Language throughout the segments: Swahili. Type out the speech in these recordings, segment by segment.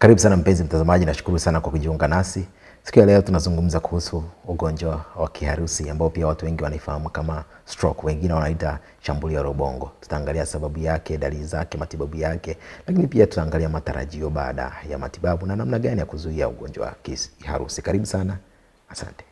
Karibu sana mpenzi mtazamaji, nashukuru sana kwa kujiunga nasi siku ya leo. Tunazungumza kuhusu ugonjwa wa kiharusi ambao pia watu wengi wanaifahamu kama stroke, wengine wanaita shambulio la ubongo. Tutaangalia sababu yake, dalili zake, matibabu yake, lakini pia tutaangalia matarajio baada ya matibabu na namna gani ya kuzuia ugonjwa wa kiharusi. Karibu sana, asante.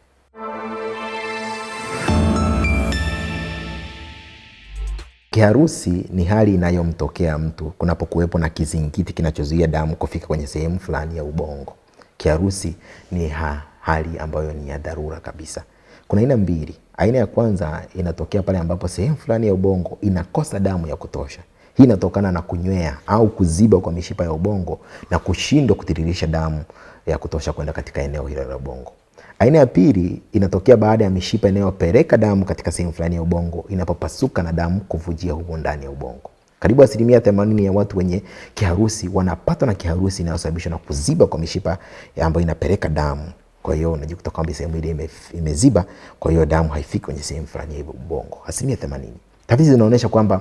Kiharusi ni hali inayomtokea mtu kunapokuwepo na kizingiti kinachozuia damu kufika kwenye sehemu fulani ya ubongo. Kiharusi ni ha, hali ambayo ni ya dharura kabisa. Kuna aina mbili. Aina ya kwanza inatokea pale ambapo sehemu fulani ya ubongo inakosa damu ya kutosha. Hii inatokana na kunywea au kuziba kwa mishipa ya ubongo na kushindwa kutiririsha damu ya kutosha kwenda katika eneo hilo la ubongo. Aina ya pili inatokea baada ya mishipa inayopeleka damu katika sehemu fulani ya ubongo inapopasuka na damu kuvujia huko ndani ya ubongo. Karibu asilimia themanini ya watu wenye kiharusi wanapatwa na kiharusi inayosababishwa na kuziba kwa mishipa ambayo inapeleka damu. Kwa hiyo unajikuta kwamba sehemu ile imeziba, kwa hiyo damu haifiki kwenye sehemu fulani ya ubongo. Asilimia themanini. Tafiti zinaonyesha kwamba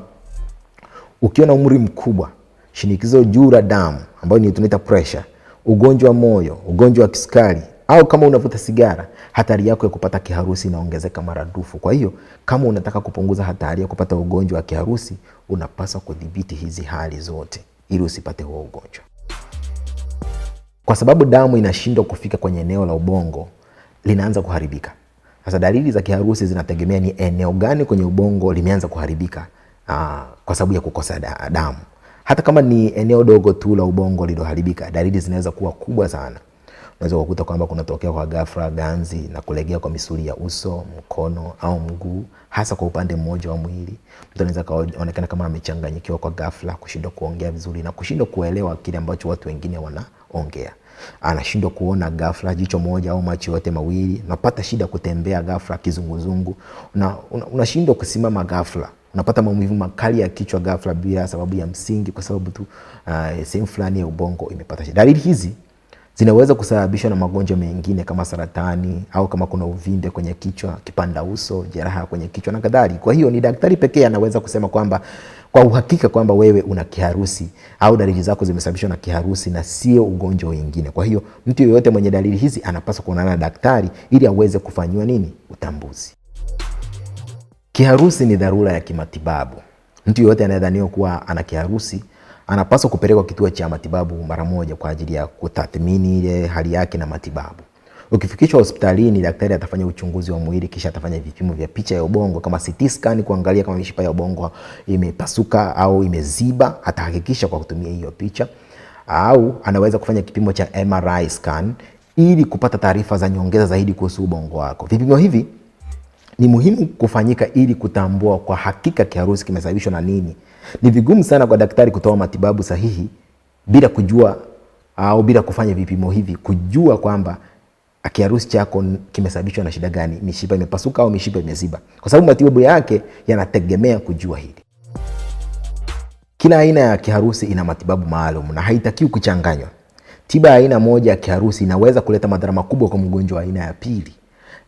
ukiwa na umri mkubwa, shinikizo juu la damu ambayo ni tunaita pressure, ugonjwa wa moyo, ugonjwa wa kisukari au kama unavuta sigara, hatari yako ya kupata kiharusi inaongezeka maradufu. Kwa hiyo kama unataka kupunguza hatari ya kupata ugonjwa wa kiharusi, unapaswa kudhibiti hizi hali zote ili usipate huo ugonjwa. Kwa sababu damu inashindwa kufika kwenye eneo la ubongo, linaanza kuharibika. Sasa dalili za kiharusi zinategemea ni eneo gani kwenye ubongo limeanza kuharibika aa, ah, kwa sababu ya kukosa da, damu. Hata kama ni eneo dogo tu la ubongo liloharibika, dalili zinaweza kuwa kubwa sana. Unaweza kukuta kwamba kunatokea kwa ghafla ganzi na kulegea kwa misuli ya uso, mkono au mguu, hasa kwa upande mmoja wa mwili. Mtu anaweza kaonekana kama amechanganyikiwa kwa ghafla, kushindwa kuongea vizuri na kushindwa kuelewa kile ambacho watu wengine wanaongea. Anashindwa kuona ghafla, jicho moja au macho yote mawili. Unapata shida kutembea ghafla, kizunguzungu, na unashindwa una kusimama ghafla. Unapata maumivu makali ya kichwa ghafla bila sababu ya msingi, kwa sababu tu uh, sehemu fulani ya ubongo imepata shida. Dalili hizi zinaweza kusababishwa na magonjwa mengine kama saratani au kama kuna uvimbe kwenye kichwa, kipanda uso, jeraha kwenye kichwa na kadhalika. Kwa hiyo ni daktari pekee anaweza kusema kwamba kwa uhakika kwamba wewe una kiharusi au dalili zako zimesababishwa na kiharusi na sio ugonjwa wengine. Kwa hiyo mtu yeyote mwenye dalili hizi anapaswa kuonana na daktari ili aweze kufanyiwa nini? Utambuzi. Kiharusi ni dharura ya kimatibabu. Mtu yeyote anayedhaniwa kuwa ana kiharusi anapaswa kupelekwa kituo cha matibabu mara moja kwa ajili ya kutathmini ile hali yake na matibabu. Ukifikishwa hospitalini, daktari atafanya uchunguzi wa mwili, kisha atafanya vipimo vya picha ya ubongo kama CT scan, kuangalia kama mishipa ya ubongo imepasuka au imeziba. Atahakikisha kwa kutumia hiyo picha, au anaweza kufanya kipimo cha MRI scan ili kupata taarifa za nyongeza zaidi kuhusu ubongo wako. Vipimo hivi ni muhimu kufanyika ili kutambua kwa hakika kiharusi kimesababishwa na nini. Ni vigumu sana kwa daktari kutoa matibabu sahihi bila kujua ah, au bila kufanya vipimo hivi, kujua kwamba kiharusi chako kimesababishwa na shida gani, mishipa imepasuka au mishipa imeziba, kwa sababu matibabu yake yanategemea kujua hili. Kila aina ya kiharusi ina matibabu maalum na haitakiwi kuchanganywa. Tiba ya aina moja ya kiharusi inaweza kuleta madhara makubwa kwa mgonjwa wa aina ya pili.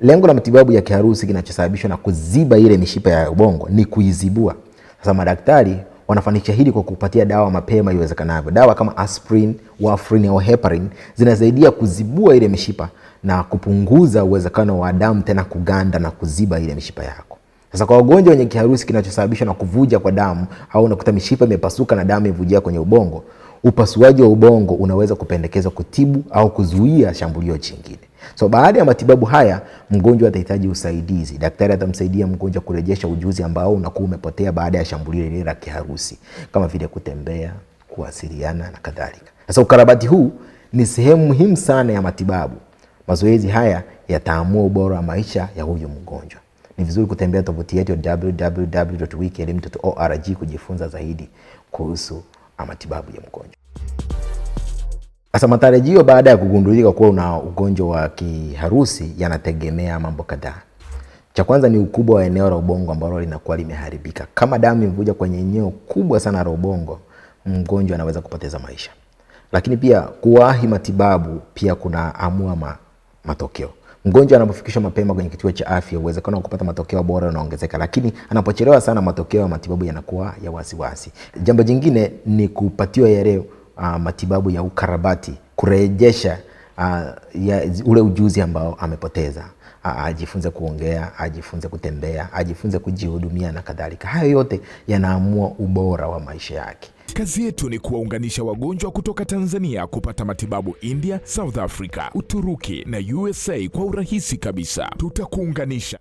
Lengo la matibabu ya kiharusi kinachosababishwa na kuziba ile mishipa ya ubongo ni kuizibua. Sasa madaktari wanafanikisha hili kwa kupatia dawa mapema iwezekanavyo. Dawa kama aspirin, warfarin au heparin zinasaidia kuzibua ile mishipa na kupunguza uwezekano wa damu tena kuganda na kuziba ile mishipa yako. Sasa kwa wagonjwa wenye kiharusi kinachosababishwa na kuvuja kwa damu au unakuta mishipa imepasuka na damu imevujia kwenye ubongo, upasuaji wa ubongo unaweza kupendekezwa kutibu au kuzuia shambulio jingine. So baada ya matibabu haya mgonjwa atahitaji usaidizi. Daktari atamsaidia mgonjwa kurejesha ujuzi ambao unakuwa umepotea baada ya shambulio lile la kiharusi, kama vile kutembea, kuwasiliana na kadhalika. Sasa ukarabati huu ni sehemu muhimu sana ya matibabu. Mazoezi haya yataamua ubora wa maisha ya huyu mgonjwa. Ni vizuri kutembea tovuti yetu ya www.wikelim.org kujifunza zaidi kuhusu matibabu ya mgonjwa. Sasa matarajio baada ya kugundulika kuwa una ugonjwa wa kiharusi yanategemea mambo kadhaa. Cha kwanza ni ukubwa wa eneo la ubongo ambalo linakuwa limeharibika. Kama damu imevuja kwenye eneo kubwa sana la ubongo, mgonjwa anaweza kupoteza maisha. Lakini pia kuwahi matibabu pia kuna amua ma, matokeo. Mgonjwa anapofikishwa mapema kwenye kituo cha afya, uwezekano wa kupata matokeo bora unaongezeka, lakini anapochelewa sana, matokeo ya matibabu yanakuwa ya wasiwasi. Jambo jingine ni kupatiwa yale uh, matibabu ya ukarabati kurejesha uh, ya, ule ujuzi ambao amepoteza uh, ajifunze kuongea, ajifunze kutembea, ajifunze kujihudumia na kadhalika. Hayo yote yanaamua ubora wa maisha yake. Kazi yetu ni kuwaunganisha wagonjwa kutoka Tanzania kupata matibabu India, South Africa, Uturuki na USA kwa urahisi kabisa. Tutakuunganisha.